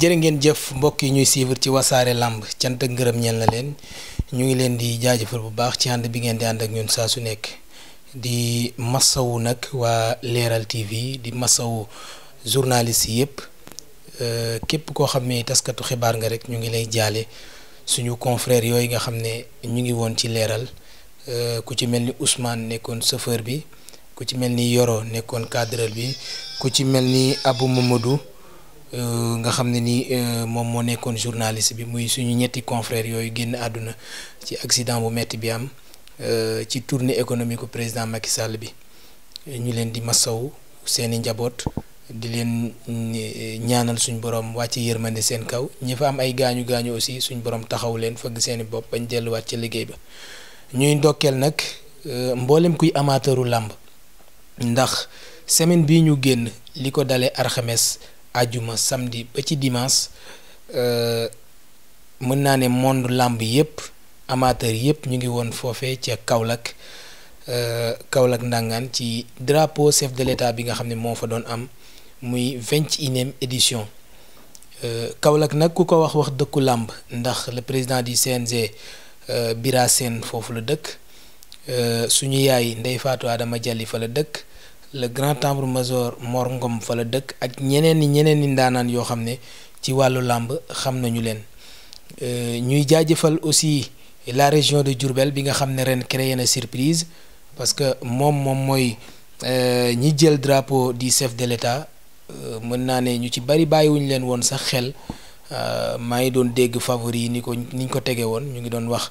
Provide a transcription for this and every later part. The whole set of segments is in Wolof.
jërë ngeen jëf mbokk yi ñuy suivre ci wasaare làmb cant ak ngërëm ñeel na leen ñu ngi leen di jaajëfal bu baax ci ànd bi ngeen di ànd ak ñun saa su nekk di masawu nag waa Leeral TV di masawu journaliste yëpp euh, képp koo xam ne taskatu xibaar nga rek ñu ngi lay jaale suñu confrère yooyu nga xam ne ñu ngi woon ci Leeral euh, ku ci mel ni Ousmane nekkoon chauffeur bi ku ci mel ni Yoro nekkoon cadreur bi ku ci mel ni Abou Mamadou. Euh, nga xam ne ni euh, moom moo nekkoon journaliste bi muy suñu ñetti confrères yooyu génn àdduna ci accident bu metti bi am euh, ci tournée économique président Macky Sall bi ñu leen di masaw seeni njaboot di leen ñaanal suñu borom wàcc yërmande seen kaw ñi fa am ay gaañu gaañu aussi suñu borom taxaw leen fëgg seeni bopp bañ delluwaat ci liggéey ba ñuy ndokkeel nag mboolem kuy amateuru làmb ndax semaine bi ñu génn li ko dalee arxames ajuma samedi ba ci dimanche euh, mën naa ne monde làmb yëpp amateur yëpp ñu ngi woon foofee ca Kaolack euh, Kaolack ndàngaan ci drapeau chef de l'état bi nga xam ne moo fa doon am muy vingt et unième édition euh, Kaolack nag ku ko wax wax dëkku làmb ndax le président du CNG Bira Sène foofu la dëkk suñu yaay ndey Fatou Adama Dialli fa la dëkk le grand tembre major Mor Ngom fa la dëkk ak ñeneen ñeneen ni ndaanaan yoo xam ne ci wàllu làmb xam nañu leen euh, ñuy jaajëfal aussi la région de Diourbel bi nga xam ne ren créé na surprise parce que moom moom mooy euh, ñi jël drapeau di chef de l'État euh, mën naa ne ñu ci bari bàyyiwuñu leen woon sax xel Euh, maa ngi doon dégg favori yi ni ko ni ko tege woon ñu ngi doon wax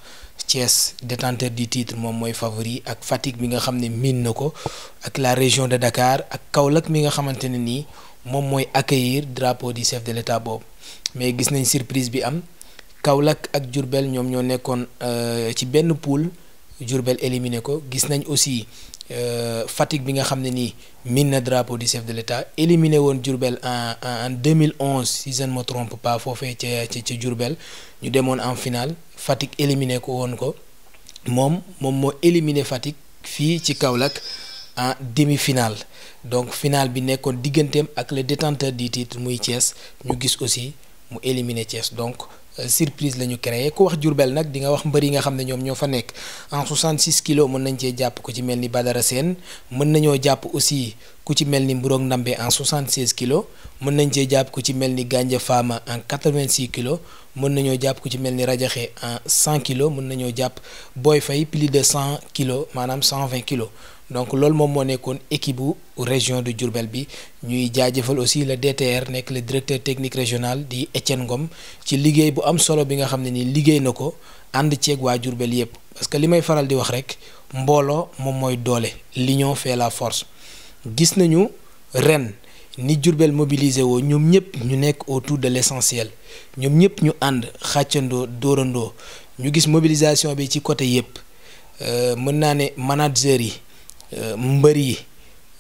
Thiès détenteur du titre moom mooy favori ak Fatick bi nga xam ne miin na ko ak la région de Dakar ak Kaolack mi nga xamante ne nii moom mooy accueillir drapeau du chef de l'État boobu mais gis nañ surprise bi am Kaolack ak Diourbel ñoom ñoo nekkoon euh, ci benn poule Diourbel éliminé ko gis nañ aussi. Euh, Fatick bi nga xam ne ni min na drapeau du chef de l'État éliminé woon Diourbel en en 2011 si je ne me trompe pas foofee ca ca ca ñu demoon en finale Fatick éliminé ko woon ko moom moom moo éliminer Fatick fii ci Kaolack en demi-finale donc finale bi nekkoon digganteem ak le détenteur du titre muy Thiès ñu gis ko si mu éliminer Thiès donc surprise lañu ñu ku wax Diourbel nag di nga wax mbër yi nga xam ne ñoom ñoo fa nekk en 66 kilos mën nañ cee jàpp ku ci mel ni Badara Sène mën nañoo jàpp aussi ku ci mel ni mburook Ndambe en 76 kilos mën nañ cee jàpp ku ci mel ni Ganja Fama en 86 kilos mën nañoo jàpp ku ci mel ni Rajaxe en cent kilos mën nañoo jàpp booy Faye plus de cent kilos maanaam 120 kilos. donc loolu moom moo nekkoon équipe bu région de Diourbel bi ñuy jaajëfal aussi le DTR nekk le directeur technique régional di Etienne Ngom ci liggéey bu am solo bi nga xam ne ni liggéey na ko ànd ceeg waa Diourbel yëpp parce que li may faral di wax rek mbooloo moom mooy doole li l'union fait la force gis nañu ren ni Diourbel mobilisé woo ñoom ñëpp ñu nekk autour de l'essentiel ñoom ñëpp ñu ànd xàccandoo dóorandoo ñu gis mobilisation bi ci côté yëpp euh, mën naa ne managers yi Euh, mbër yi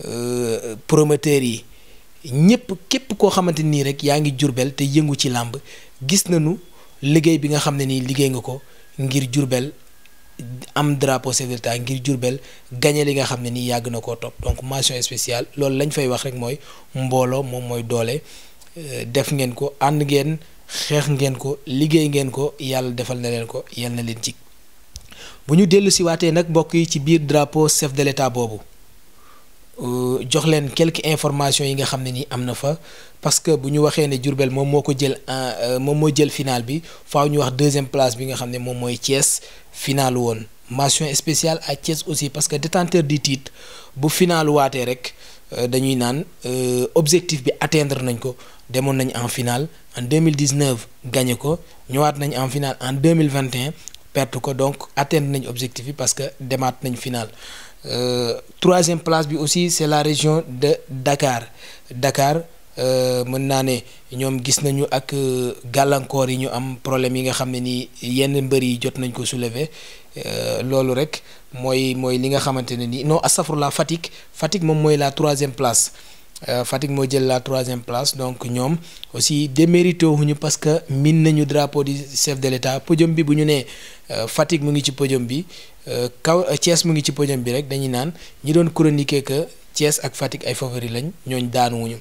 euh, promoteur yi ñëpp képp koo xamante nii rek yaa ngi jurbel te yëngu ci làmb gis nañu liggéey bi nga xam ne nii liggéey nga ko ngir jurbel am drapeau chef de ngir jurbel gañe li nga xam ne nii yàgg na ko topp donc mention spéciale loolu lañ fay wax rek mooy mbooloo moom mooy doole euh, def ngeen ko ànd ngeen xeex ngeen ko liggéey ngeen ko yàlla defal na leen ko yal na leen ci bu ñu dellu siwaatee nag mbokk yi ci biir drapeau chef de l'état boobu euh, jox leen quelques informations yi nga xam ne nii am na fa parce que bu ñu waxee ne Diourbel moom moo ko jël euh, moom moo jël final bi faaw ñu wax deuxième place bi nga xam ne moom mooy Thiès final woon mention spéciale à Thiès aussi parce que détenteur du titre bu final waatee rek euh, dañuy naan objectif bi atteindre nañ ko demoon nañ en finale en 2019 gagné ko ñëwaat nañ en finale en 2021 perte ko donc atteindre nañ objectif bi parce que demaat nañu final euh, troisième place bi aussi c'est la région de Dakar Dakar euh, mën naa ne ñoom gis nañu ak euh, gàllankoor yi ñu am problème yi nga xam ne nii yenn mbër yi jot nañ ko soulever loolu rek mooy mooy li nga xamante ne nii non astafurlah Fatick Fatick moom mooy la troisième place. Euh, Fatick moo jël la troisième place donc ñoom aussi démérité wuñu parce que min nañu drapeau du chef de l'État podium bi bu ñu nee euh, Fatick mu ngi ci podium bi euh, kaw Thiès mu ngi ci podium bi rek dañuy naan ñi doon chroniquer que Thiès ak Fatick ay favori lañ ñooñ daanuwuñu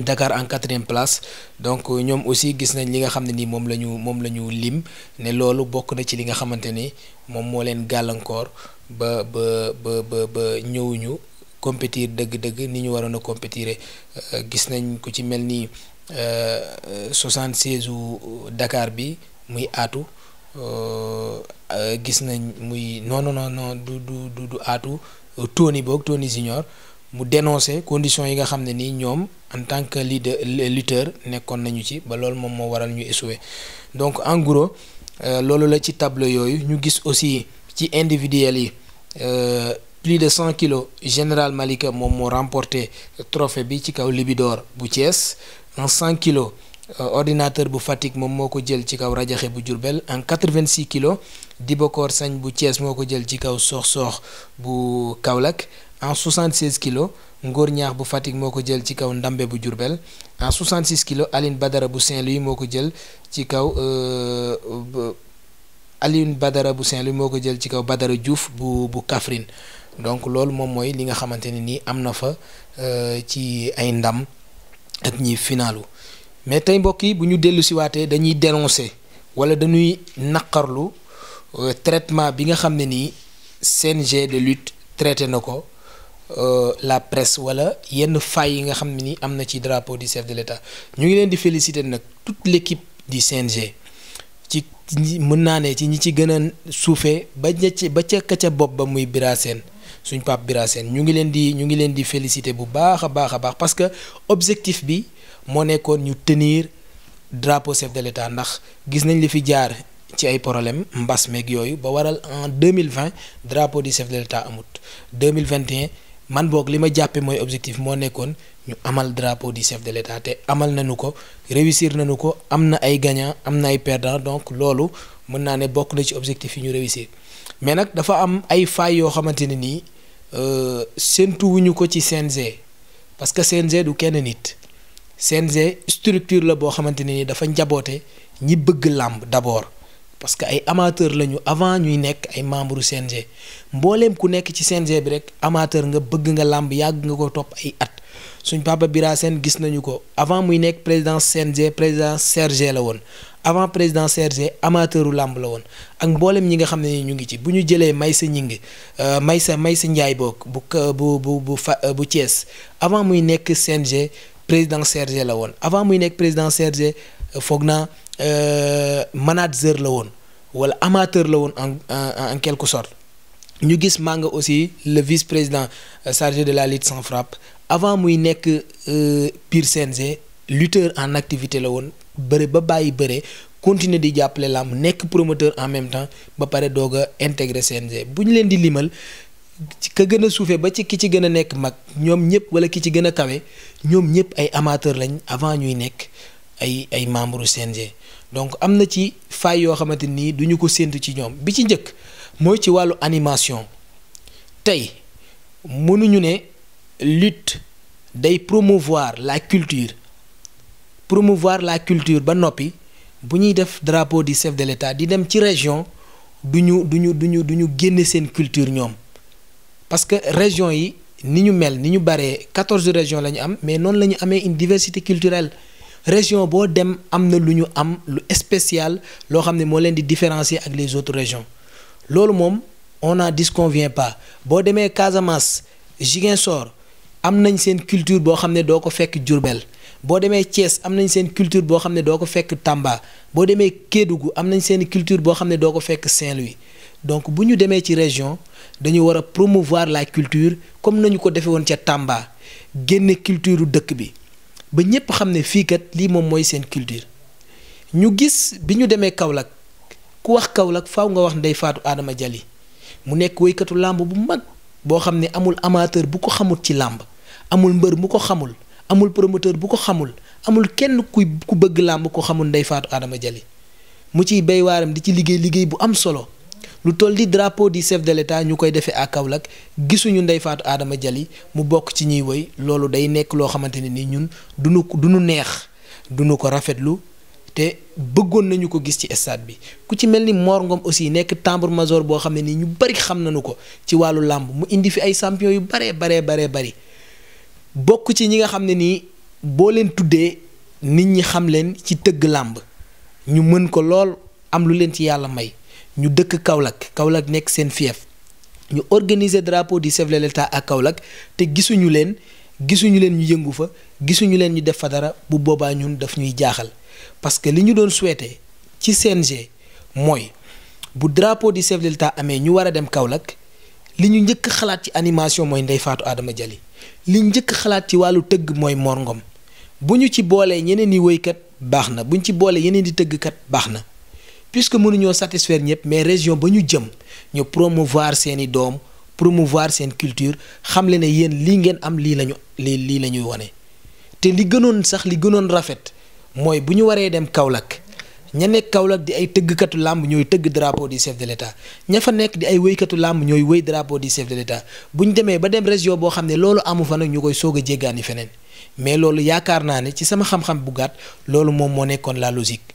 Dakar en quatrième place donc ñoom aussi gis nañ li nga xam ne nii moom la ñu moom la ñu lim ne loolu bokk na ci li nga xamante ni moom moo leen gàllankoor ba ba ba ba ba ñëwuñu compétir dëgg-dëgg ni ñu waroon a compétir euh, gis nañ ko ci mel ni euh, soixante seize u Dakar bi muy aatu euh, gis nañ muy non non non du du du aatu Tony boog Tony Junior mu dénoncé conditions yi nga xam ne nii ñoom en tant que leader lutteur nekkoon nañu ci ba loolu moom moo waral ñu échoué donc en loolu la ci tableau yooyu ñu gis aussi ci individuel yi. plus de cent kilos général Malika moom moo remporté trophée bi ci kaw Libidor bu Thiès en cent kilos euh, ordinateur bu Fatick moom moo ko jël ci kaw Rajaxe bu Diourbel en 86 kilos Dibokor Sañ bu Thiès moo ko jël ci kaw Sox-Sox bu Kaolack en 76 kilos Ngor Ñaax bu Fatick moo ko jël ci kaw ndàmbe bu Diourbel en 66 kilos Aline Badara bu Saint-Louis moo ko jël ci kaw. Euh, Alioune Badara bu saint moo ko jël ci kaw Badara Diouf bu bu Kaffrine donc loolu moom mooy li nga xamante ne nii am na fa euh, ci ay ndam ak ñi finalu mais tey mbokk yi bu ñu dellu si dañuy dénoncer wala dañuy naqarlu euh, traitement bi nga xam ne nii g de lutte traité na ko euh, la presse wala yenn failles yi nga xam ne nii am na ci drapeau du chef de l'État ñu ngi leen di féliciter nag toute l'équipe du CNG ci mën naa ne ci ñi ci gën a suufee ba ña ci ba ca ka ca bopp ba muy Bira Sène suñ Pape Bira ñu ngi leen di ñu ngi leen di féliciter bu baax a baax a baax parce que objectif bi moo nekkoon ñu tenir drapeau chef de l'État ndax gis nañ li fi jaar ci ay problème mbas meeg yooyu ba waral en 2020 drapeau du chef de l'État amut 2021 man boog li ma jàppe mooy objectif moo nekkoon ñu amal drapeau du chef de l'État te amal nañu ko réussir nañu ko am na ay gagnants am na ay perdants donc loolu mën naa ne bokk na ci objectif yi ñu réussir mais nag dafa am ay failles yoo xamante ne nii euh, séntu wuñu ko ci CNG parce que CNG du kenn nit CNG structure la boo xamante ne nii dafa njaboote ñi bëgg làmb d'abord parce que ay amateur lañu avant ñuy nekk ay membre CNG mbooleem ku nekk ci CNG bi rek amateur nga bëgg nga làmb yàgg nga ko topp ay at suñ papa Bira Sène gis nañu ko avant muy nekk président CNG président CRG la woon avant président CRG amateuru làmb la woon ak mboolem ñi nga xam ne ñu ngi ci bu ñu jëlee may sa ñing euh, may sa may sa njaay bokk bu bu bu bu fa euh, bu Thiès avant muy nekk CNG président CRG la woon avant muy nekk président CRG euh, foog na naa manager la woon wala amateur la woon en en quelque sorte ñu gis màng aussi le vice président chargé de la lutte sans frappe avant muy nekk pire CNG lutteur en activité la woon bëre ba bàyyi bëre continuer di jàppale làmb nekk promoteur en même temps ba pare doog a intégrer CNG bu ñu leen di limal ka gën a suufee ba ci ki ci gën a nekk mag ñoom ñëpp wala ki ci gën a kawe ñoom ñëpp ay amateur lañ avant ñuy nekk ay ay membre CNG donc am na ci faay yoo xamante nii duñu ko séntu ci ñoom bi ci njëkk mooy ci wàllu animation tey mënuñu ne lutte day promouvoir la culture promouvoir la culture ba noppi bu ñuy def drapeau du chef de l'État di dem ci région du ñu du ñu du ñu du ñu génne seen culture ñoom parce que région yi ni ñu mel ni ñu baree quatorze régions la ñu am mais noonu la ñu amee une diversité culturelle région boo dem am na lu ñu am lu spécial loo xam ne moo leen di différencier ak les autres régions loolu moom on n'en disconvient pas boo demee Casamance Ziguinchor am nañ seen culture boo xam ne doo ko fekk Diourbel boo demee Thiès am nañ seen culture boo xam ne doo ko fekk Tamba boo demee Kédougou am nañ seen culture boo xam ne doo ko fekk Saint-Louis donc bu ñu demee ci région dañu war a promouvoir la culture comme nañu ko defee woon ca Tamba génne culture dëkk bi ba ñépp xam ne fii kat lii moom mooy seen culture ñu gis bi ñu demee Kaolack ku wax Kaolack faw nga wax Ndeye faatu Adama Jali mu nekk woykatu làmb bu mag boo xam ne amul amateur bu ko xamut ci làmb amul mbër mu ko xamul amul promoteur bu ko xamul amul kenn kuy ku bëgg làmb ko xamul Ndeye faatu aadama Dialy mu ciy béy waaram di ci liggéey liggéey bu am solo lu toll di drapeau du chef de l'État ñu koy defee à Kaolack gisuñu Ndeye Fatou Adama Dialy mu bokk ci ñuy woy loolu day nekk loo xamante ne ni ñun du ko du nu neex dunu nu ko rafetlu te bëggoon nañu ko gis ci stade bi ku ci mel ni Mor Ngom aussi nekk tambour major boo xam ne nii ñu bari xam nañu ko ci wàllu làmb mu indi fi ay champion yu baree baree baree bari bokk ci ñi nga xam ne nii boo leen tuddee nit ñi xam leen ci tëgg làmb ñu mën ko lool am lu leen ci yàlla may ñu dëkk Kaolack Kaolack nekk seen fief ñu organiser drapeau di chef de ak Kaolack te gisuñu leen gisuñu leen ñu yëngu fa gisuñu leen ñu def fa dara bu boobaa ñun daf ñuy jaaxal parce que li ñu doon souhaité ci seen CNG mooy bu drapeau di chef de l'État amee ñu war a dem Kaolack li ñu njëkk xalaat ci animation mooy Ndeye Fatou Adama Jali li njëkk xalaat ci wàllu tëgg mooy Mor bu ñu ci boolee ñeneen i woykat baax na bu ñu ci boolee yeneen di tëggkat baax na puisque mënuñoo satisfaire ñëpp mais région ba ñu jëm ñu promouvoir seeni doom promouvoir seen culture xam le ne yéen lii ngeen am lii lañu lii lii la ñuy wane te li gënoon sax li gënoon rafet mooy bu ñu waree dem Kaolack ña nekk Kaolack di ay tëggkatu làmb ñooy tëgg drapeau du chef de l'état ña fa nekk di ay wéykatu làmb ñooy wéy drapeau du chef de l'état bu demee ba dem région boo xam ne loolu amu fa nag ñu koy soog a jéggaani feneen mais loolu yaakaar naa ne ci sama xam-xam bu gàtt loolu moom moo nekkoon la logique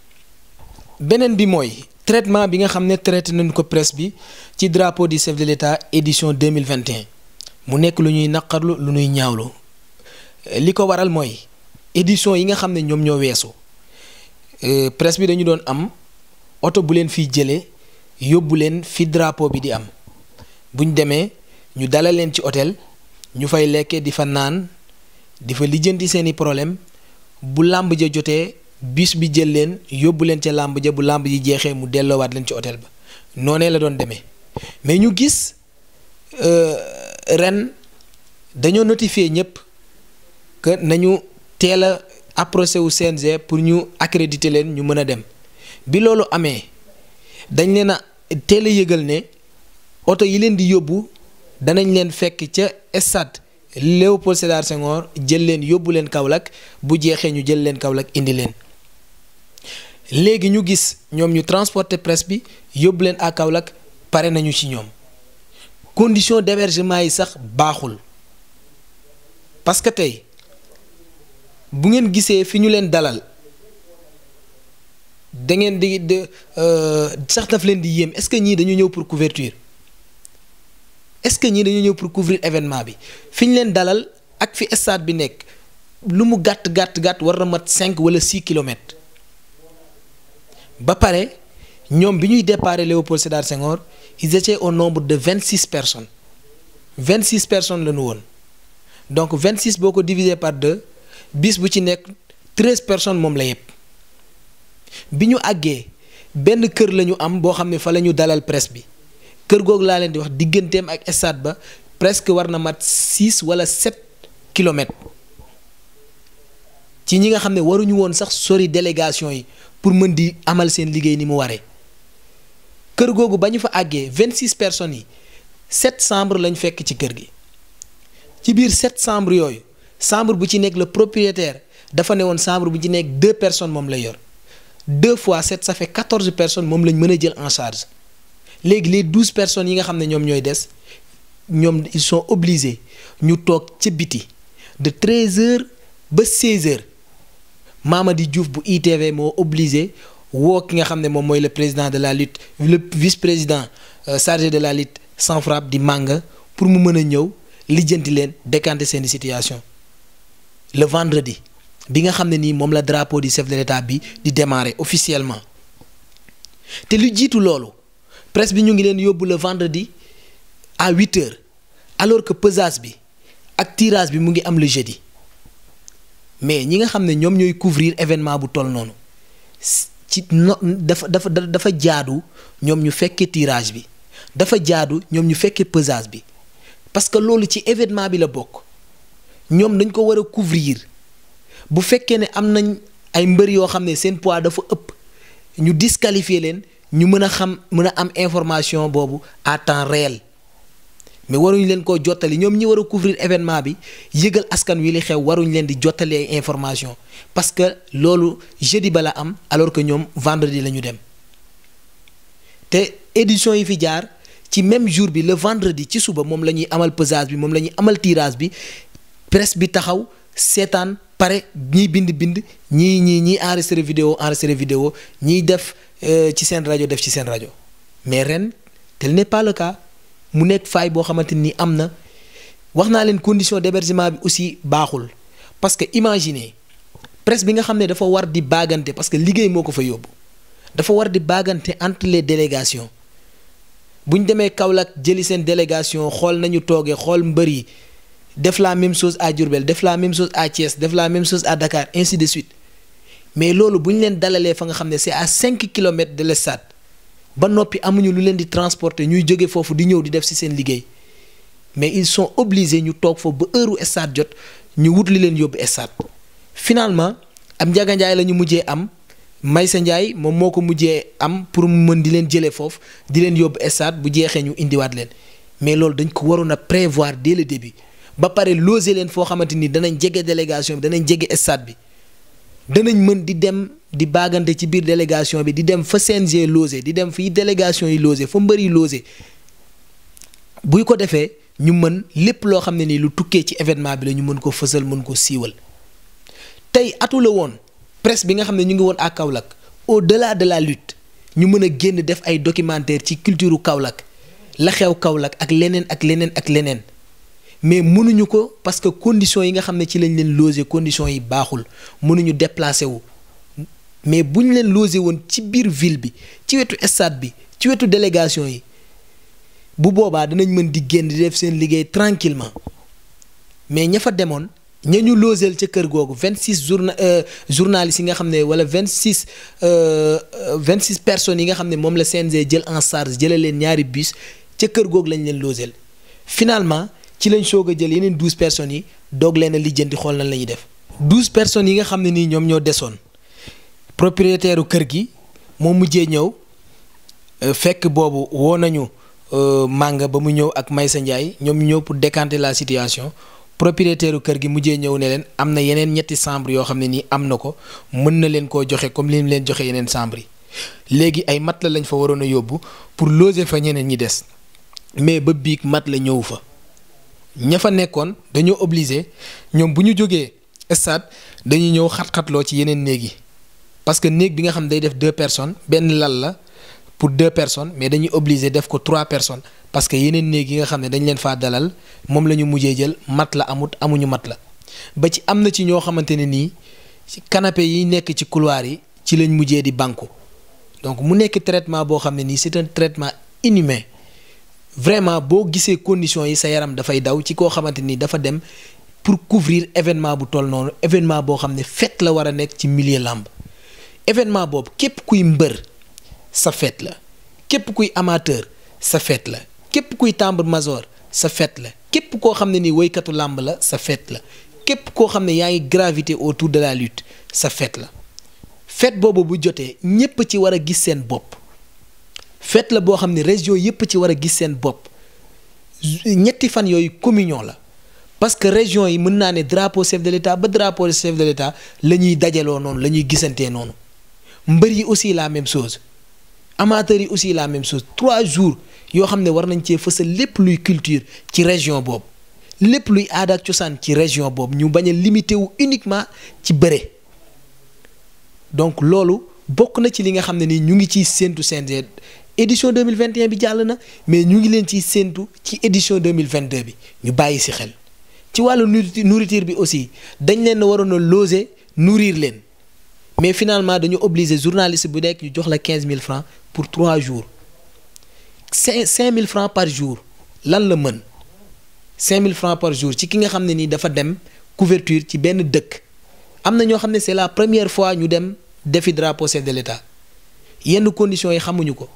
beneen bi mooy traitement bi nga xam ne traité nañ ko presse bi ci drapeau du chef de l'état édition 2021 mu nekk lu ñuy naqarlu lu ñuy ñaawlu li ko waral mooy édition yi nga xam ne ñoom ñoo weesu Euh, presse bi dañu doon am oto bu leen fiy jëlee yóbbu leen fi drapo bi di am buñ demee ñu dalal leen ci hôtel ñu fay lekkee di fa naan di fa lijjanti seeni problème bu làmb ja jotee bis bi jël leen yóbbu leen ca làmb ja bu làmb ji jeexee mu delloowaat leen ci hôtel ba noonee la doon demee mais ñu gis euh, ren dañoo notifier ñëpp que nañu teel a approché wu CNG pour ñu accréditer leen ñu mën a dem bi loolu amee dañ leen a teel a yëgal ne oto yi leen di yóbbu danañ leen fekk ca stade Léopold Sédar Senghor jël leen yóbbu leen Kaolack bu jeexee ñu jël leen Kaolack indi leen léegi ñu gis ñoom ñu transporter presse bi yóbbu leen à Kaolack pare nañu ci ñoom condition d'hébergement yi sax baaxul parce tey bu ngeen gisee fi ñu leen dalal da ngeen di de euh, sax daf leen di yéem est-ce que ñii dañu ñëw pour couverture est-ce que ñii dañu ñëw pour couvrir événement bi fi ñu leen dalal ak fi stade bi nekk lu mu gàtt gàtt gàtt war na mat cinq wala six kilomètres ba pare ñoom bi ñuy déparé Léopold Sédar Senghor ils étaient au nombre de vingt six personnes vingt six personnes la ñu woon donc vingt six boo ko divisé par deux. bis bu ci nekk treize personnes moom la yëpp bi ñu àggee benn kër la ñu am boo xam ne fa la ñu dalal presse bi kër googu laa leen di wax digganteem ak stade ba presque war na mat six wala sept kilomètres ci ñi nga xam ne waruñu woon sax sori délégation yi pour mën di amal seen liggéey ni mu waree kër googu ba ñu fa àggee vingt six personnes yi sept chambres lañ fekk ci kër gi ci biir sept chambres yooyu. sembre bu ci nekk le propriétaire dafa ne woon chambre bu ci nekk deux personnes moom lay yor deux fois sept ça fait quatorze personnes moom lañ mën a jël en charge léegi les douze personnes yi nga xam ne ñoom ñooy des ñoom ils sont obligés ñu toog ci biti de treize heures ba seize heures Mamady Diouf bu ITV moo obligé woo ki nga xam ne moom mooy le président de la lutte le vice président euh, chargé de la lutte sans frappe di màng pour mu mën a ñëw lijjanti leen décanter seeni situation le vendredi bi nga xam ne nii moom la drapeau du chef de l'état bi di démarrer officiellement te lu jiitu loolu presse bi ñu ngi leen yóbbu le vendredi à huit heures alors que pesage bi ak tirage bi mu ngi am le mais ñi nga xam ne ñoom ñooy couvrir événement bu toll noonu ci no dafa dafa dafa jaadu ñoom ñu fekkee tirage bi dafa jaadu ñoom ñu fekkee pesage bi parce que loolu ci événement bi la bokk ñoom dañ ko war a couvrir bu fekkee ne am nañ ay mbër yoo xam ne seen poids dafa ëpp ñu disqualifier leen ñu mën a xam mën a am information boobu à temps réel mais waruñ leen ko jottali ñoom ñi war a couvrir événement bi yëgal askan wi li xew waruñ leen di jottali ay information parce que loolu jeudi ba la am alors que ñoom vendredi la ñu dem te édition yi fi jaar ci même jour bi le vendredi ci suba moom la ñuy amal pesage bi moom la ñuy amal tirage bi presse bi taxaw seetaan pare ñiy bind bind ñii ñii ñiy enregistré vidéo enregistré vidéo ñiy def euh, ci seen rajo def ci seen rajo mais ren tel n'est mu nekk faay boo xamante ni am na wax naa leen condition d'hébergement bi aussi baaxul parce que imaginez presse bi nga xam ne dafa war di baagante parce que liggéey moo ko fa yóbbu dafa war di baagante entre les délégations bu ñu demee Kaolack jëli seen délégation xool nañu toogee xool mbër yi def la même chose à Diourbel def la même chose à Thiès def la même chose à Dakar ainsi de suite mais loolu bu ñu leen dalalee fa nga xam ne c'est à cinq kilomètres de l'estade ba noppi amuñu lu leen di transporter ñuy jóge foofu di ñëw di def ci seen liggéey mais ils sont obligés ñu toog foofu ba heure u stade jot ñu wut li leen yóbbu stade finalement am Ndiaga Ndiaye la ñu mujjee am Maysa Ndiaye moom moo ko mujjee am pour mu mën di leen jëlee foofu di leen yóbbu stade bu jeexee ñu indiwaat leen mais loolu dañ ko waroon a prévoir dès le début ba pare loger leen foo xamante ni danañ jege délégation bi danañ jege stade bi danañ mën di dem di baagante ci biir délégation bi di dem fa CNG loger di dem fii délégation yi loger fa mbër yi loger buy ko defee ñu mën lépp loo xam ne nii lu tukkee ci événement bi lañu mën ko fësal mën ko siiwal tey atu woon presse bi nga xam ne ñu ngi woon à Kaolack au delà de la lutte ñu mën a génn def ay documentaire ci culture Kaolack la xew Kaolack ak leneen ak leneen ak leneen mais mënuñu ko parce que conditions yi nga xam ne ci lañ leen loger conditions yi baaxul mënuñu déplacer wu mais bu ñu leen loger woon ci biir ville bi ci wetu stade bi ci wetu délégation yi bu boobaa danañ mën di génn di def seen liggéey tranquillement mais ña fa demoon ña ñu logeel ca kër googu vingt six journa euh, journalistes yi nga xam ne wala vingt six euh, vingt six personnes yi nga xam ne moom la CNG jël en charge jëlee leen ñaari bis ca kër googu lañ leen logeel finalement. ci lañ soog a jël yeneen douze personnes yi doog leen a lijjanti xool nan la ñuy def douze personnes yi nga xam ne nii ñoom ñoo desoon propriétaire u kër gi moo mujjee ñëw euh, fekk boobu woo nañu euh, màng ba mu ñëw ak may sa Ndiaye ñoom ñëw pour décanter la situation propriétaire kër gi mujjee ñëw ne leen am na yeneen ñetti chambre yoo xam ne nii am na ko mën na leen koo joxe comme li mu leen joxe yeneen chambre yi léegi ay mat la lañ fa waroon a yóbbu pour loger fa ñeneen ñi des mais ba biig mat la ñëw fa. ña fa nekkoon dañoo obligé ñoom bu ñu jógee stade dañuy ñëw xat-xatloo ci yeneen néeg yi parce que néeg bi nga xam day def deux personnes benn lal la pour deux personnes mais dañuy obligé def ko trois personnes parce que yeneen néeg yi nga xam ne dañu leen faa dalal moom la ñu mujjee jël mat la amut amuñu mat la ba ci am na ci ñoo xamante ne nii ci canapé yi nekk ci couloir yi ci lañ mujjee di banku donc mu nekk traitement boo xam ne nii c'est un traitement inhumain vraiment boo gisee conditions yi sa yaram dafay daw ci koo xamante ni dafa dem pour couvrir événement bu toll noonu événement boo xam ne fête la war a nekk ci milieu làmb événement boobu képp kuy mbër sa fête la képp kuy amateur sa la képp kuy tambour major sa fête la képp koo xam ne ni woykatu làmb la sa fête la képp koo xam ne yaa ngi gravité au autour de la lutte sa fête la fête boobu bu jotee ñépp ci war a gis seen bopp fête la boo xam ne région yëpp ci war a gis seen bopp ñetti fan yooyu communion la parce que région yi mën naa ne drapeau chef de l'état ba drapeau chef de l'état la ñuy dajaloo noonu la ñuy gisantee noonu mbër yi aussi la même chose amateurs yi aussi la même chose trois jours yoo xam ne war nañ cee fësal lépp luy culture ci région boobu lépp luy aada ak cosaan ci région boobu ñu bañ a limité wu uniquement ci bëre donc loolu bokk na ci li nga xam ne ni ñu ngi ciy séentu seen édition 2021 bi jàll na mais ñu ngi leen ciy séentu ci édition 2022 bi ñu bàyyi si xel ci wàllu nourriture bi aussi dañ leen waroon a loger leen mais finalement dañu obligé journaliste bu nekk ñu jox la quinze 15000 francs pour 3 jours 5 5000 francs par jour lan la mën 5000 francs par jour ci ki nga xam ne nii dafa dem couverture ci benn dëkk am na ñoo xam ne c'est la première fois ñu dem defi drapeau chef de l'État yenn conditions yi xamuñu ko.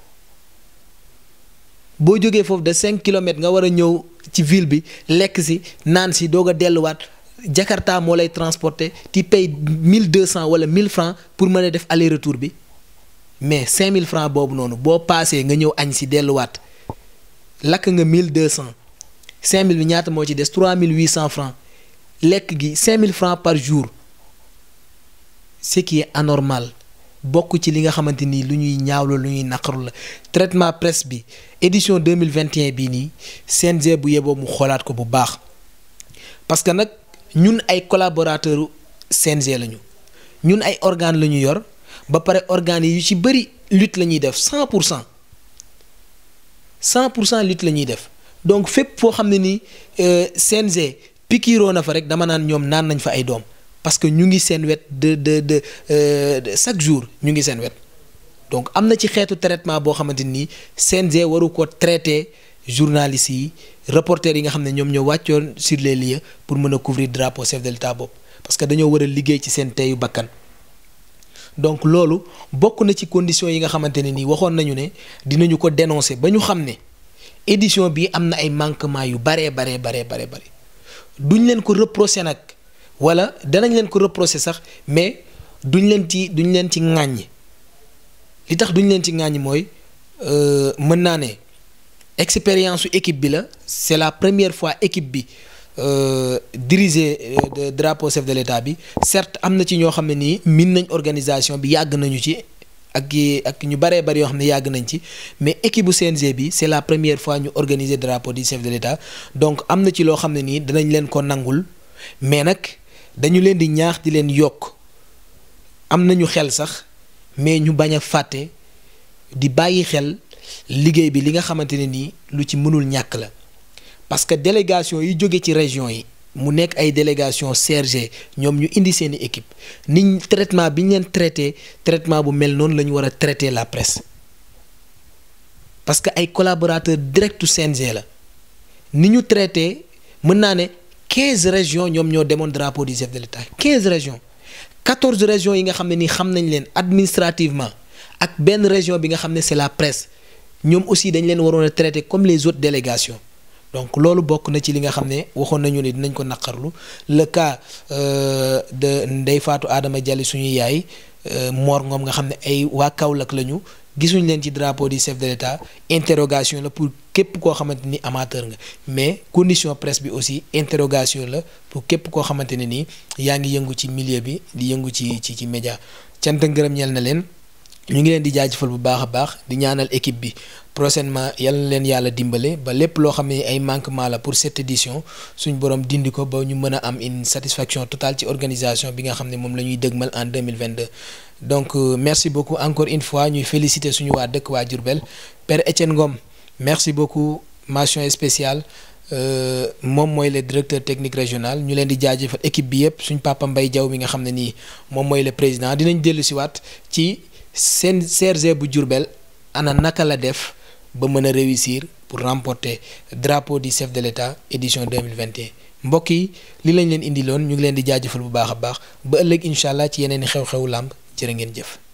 boo jógee foofu de cinq kilomètres nga war a ñëw ci ville bi lekk si naan si doog a delluwaat Jakarta moo lay transporter ti pay mille deux cent wala mille francs pour mën a def aller retour bi mais cinq mille francs boobu noonu boo paasee nga ñëw añ si delluwaat lakk nga mille deux cent cinq mille bi ñaata moo ci des trois mille huit cent francs lekk gi cinq mille francs par jour ce qui est anormal bokk ci li nga xamante ni lu ñuy ñaawlu lu ñuy naqaru la traitement presse bi édition 2021 bii nii CNG bu yeboo mu xoolaat ko bu baax parce que nag ñun ay collaborateurs CNG lañu ñun ay organes la ñu yor ba pare organes yu ci bëri lutte la ñuy def 100 pour cent 100 pour cent lutte la ñuy def donc fépp foo xam ne ni euh, CNG pikiiroo na fa rek dama naan ñoom naan nañ fa ay doom. parce que ñu ngi seen wet de de euh, de chaque jour ñu ngi seen wet donc am na ci xeetu traitement boo xamante nii CNG waru ko traité journalistes yi reporters yi nga xam ne ñoom ñoo wàccoon sur les lieux pour mën a couvrir drapeau chef de l'État boobu parce que dañoo war a liggéey ci seen teyu bàkkan donc loolu bokk na ci conditions yi nga xamante ne nii waxoon nañu ne dinañu ko dénoncer ba ñu xam ne édition bi am na ay manquements yu baree baree baree baree bare nag wala danañ leen ko reprocher sax mais duñ leen ci duñ leen ci ŋàññi li tax duñ leen ci ŋàññi mooy euh, mën naa ne expérience u équipe bi la c'est la première fois équipe bi euh, diriger euh, drapeau chef de l'État bi certes am na ci ñoo xam ne nii min nañ organisation bi yàgg nañu ci ak ak ñu baree bari yoo xam ne yàgg nañ ci mais équipe bu CNG bi c'est la première fois ñu organiser drapeau du chef de l'État donc am na ci loo xam ne nii danañ leen ko nangul mais nag dañu leen di ñaax di leen yokk am nañu xel sax mais ñu bañ a fàtte di bàyyi xel liggéey bi li nga xamante ne nii lu ci mënul ñàkk la parce que délégation yi jóge ci région yi mu nekk ay délégation CRG ñoom ñu indi seeni équipe niñ traitement bi ñu leen traité traitement bu mel noonu la ñu war a traité la presse parce que ay collaborateur directu CNG la ni ñu traité mën naa ne quinze régions ñoom ñoo demoon drapeau du chef de l'État quinze régions quatorze régions yi nga xam ne nii xam nañ leen administrativement ak benn région bi nga xam ne c'est la presse ñoom aussi dañ leen waroon a traité comme les autres délégations donc loolu bokk na ci li nga xam ne waxoon nañu ne dinañ ko naqarlu le cas euh, de Ndeye Fatou Adama Diallo suñu yaay euh, Mor Ngom nga xam ne ay waa Kaolack lañu gisuñ leen ci drapeau du chef de l'État interrogation la képp koo xamante ni amateur nga mais condition presse bi aussi interrogation la pour képp koo xamante ne nii yaa ngi yëngu ci millier bi di yëngu ci ci ci média cant ngërëm ñel na leen ñu ngi leen di jaajëfal bu baax a baax di ñaanal équipe bi prochainement yal na leen yàlla dimbale ba lépp loo xam ne ay manquement la pour cette édition suñ borom dindi ko ba ñu mën a am une satisfaction total ci organisation bi nga xam ne moom la ñuy dëgmal en 2022 donc euh, merci beaucoup encore une fois ñuy féliciter suñu waa dëkk waa Diourbel Père Etienne Ngom merci beaucoup mention spéciale euh, moom mooy le directeur technique régional ñu leen di jaajëfal équipe bi yëpp suñ papa mbay jaw mi nga xam ne nii moom mooy le président dinañ dellu siwaat ci seen CRG bu jurbeel ana naka la def ba mën a réussir pour remporter drapeau du chef de l'État édition 2021 mbokk yi li lañ leen indi loon ñu ngi leen di jaajëfal bu baax a baax ba ëllëg incha allah ci yeneen i xew-xewu làmb jërë ngeen jëf